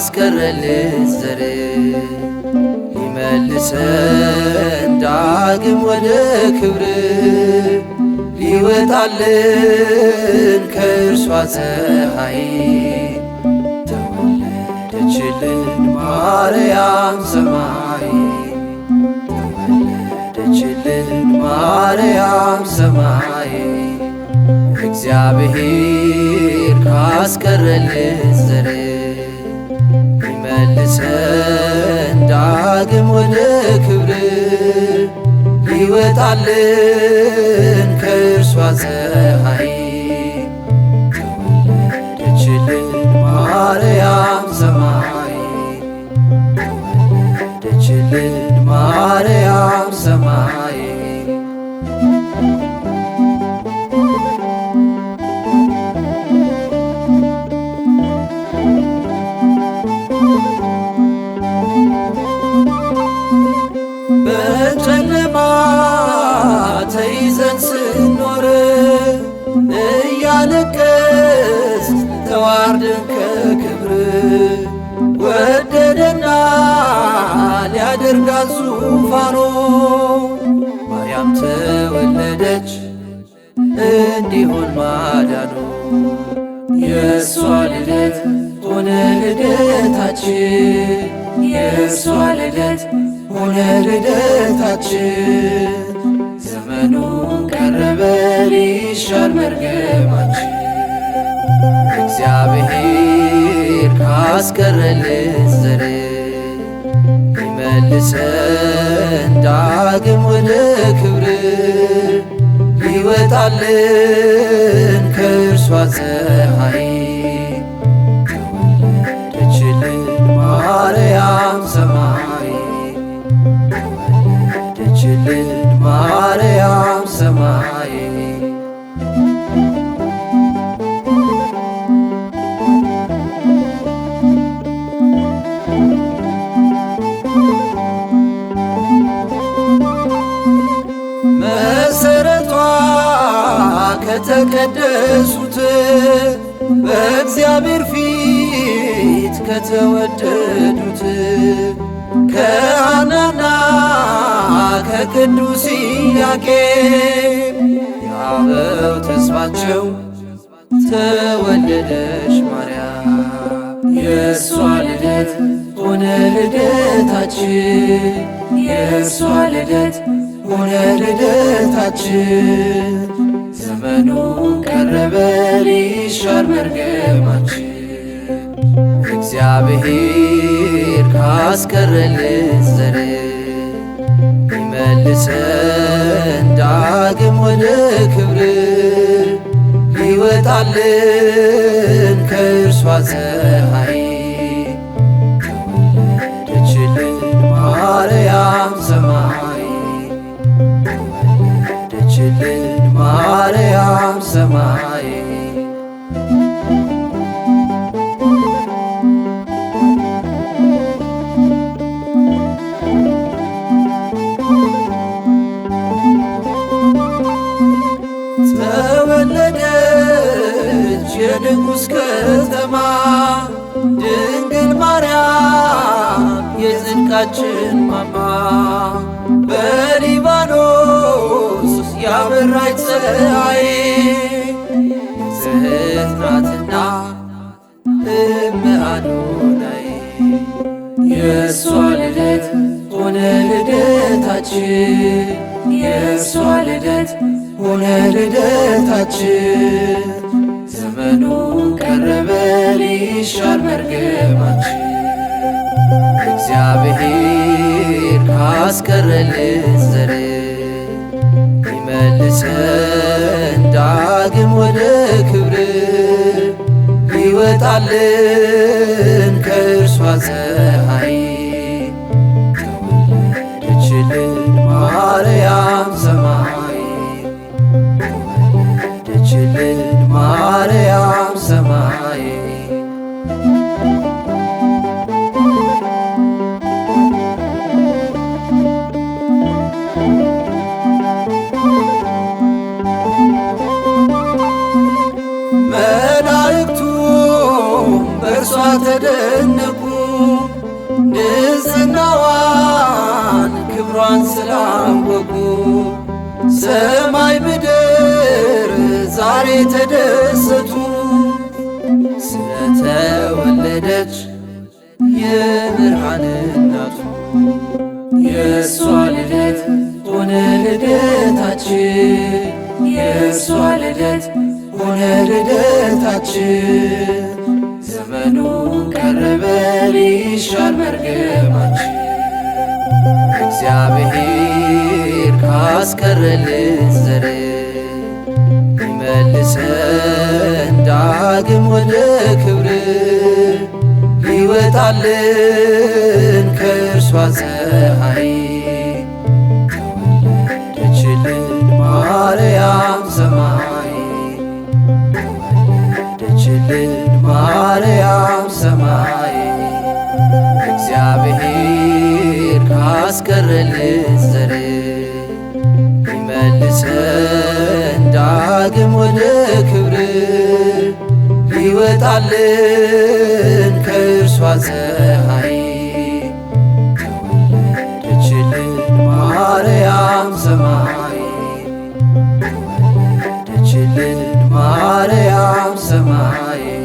ያስቀረልን ዘር ሊመልሰን ዳግም ወደ ክብር ሊወጣልን ከእርሷ ፀሐይ ተወለደችልን ማርያም ሰማይ ተወለደችልን ማርያም ሰማይ እግዚአብሔር ካስቀረልን ዘር ዳግም ወደ ክብር ይወጣልን ከእርሷ ፀሐይ ተወለደችልን ማርያም ተዋር ድንቅ ክብር ወደደና ሊያደርጋ ዙፋኖ ማርያም ተወለደች እንዲሆን ማዳኑ የእሷ ልደት ሆነ ልደታችን የእሷ ልደት ሆነ ልደታችን ዘመኑ ቀረበ ሊሻር መርገማችን ያስቀረልን ይመልሰን ዳግም ወደ ክብር ይወጣልን ከተቀደሱት በእግዚአብሔር ፊት ከተወደዱት ከአናና ከቅዱስ ኢያቄም የአበው ተስፋቸው ተወለደች ማርያም የእሷ ልደት ሆነ ልደታችን የእሷ ልደት ሆነ ልደታችን ዘመኑ ቀረበ ሊሻር መርገማችን እግዚአብሔር ካስቀረልን ዘር ይመልሰን ዳግም ወደ ክብር ይወጣልን ከእርሷ ፀሐይ ተወለደችልን ማርያም ሰማይ ተወለደችልን ሰማይ ተወለደች የንጉሥ ከተማ ድንግል ማርያም የጽድቃችን ማማ በሊባኖስ ያበራች ፀሐይ የእሷ ልደት ሆነ ልደታችን፣ የእሷ ልደት ሆነ ልደታችን። ዘመኑ ቀረበ ሊሻር መርገማችን እግዚአብሔር ካስቀረልን ዘር ይመልሰን ዳግም ወደ ክብር ይወጣልን ከእርሷ ተደነቁ ንጽናዋን ክብሯን ስላወቁ ሰማይ ምድር ዛሬ ተደሰቱ ስለተወለደች የብርሃን እናቱ የእሷ ልደት ሆነ ልደታችን የእሷ ልደት ሆነ ልደታችን ዘመኑ ቀረበ ሊሻር መርገማችን እግዚአብሔር ካስቀረልን ዘር ይመልሰን ዳግም ወደ ክብር ይወጣልን ይመልስ ዘሬ ይመልሰን ዳግም ወደ ክብር ይወጣልን ከእርሷ ፀሐይ ተወለደችልን ማርያም ሰማይ ተወለደችልን ማርያም ሰማይ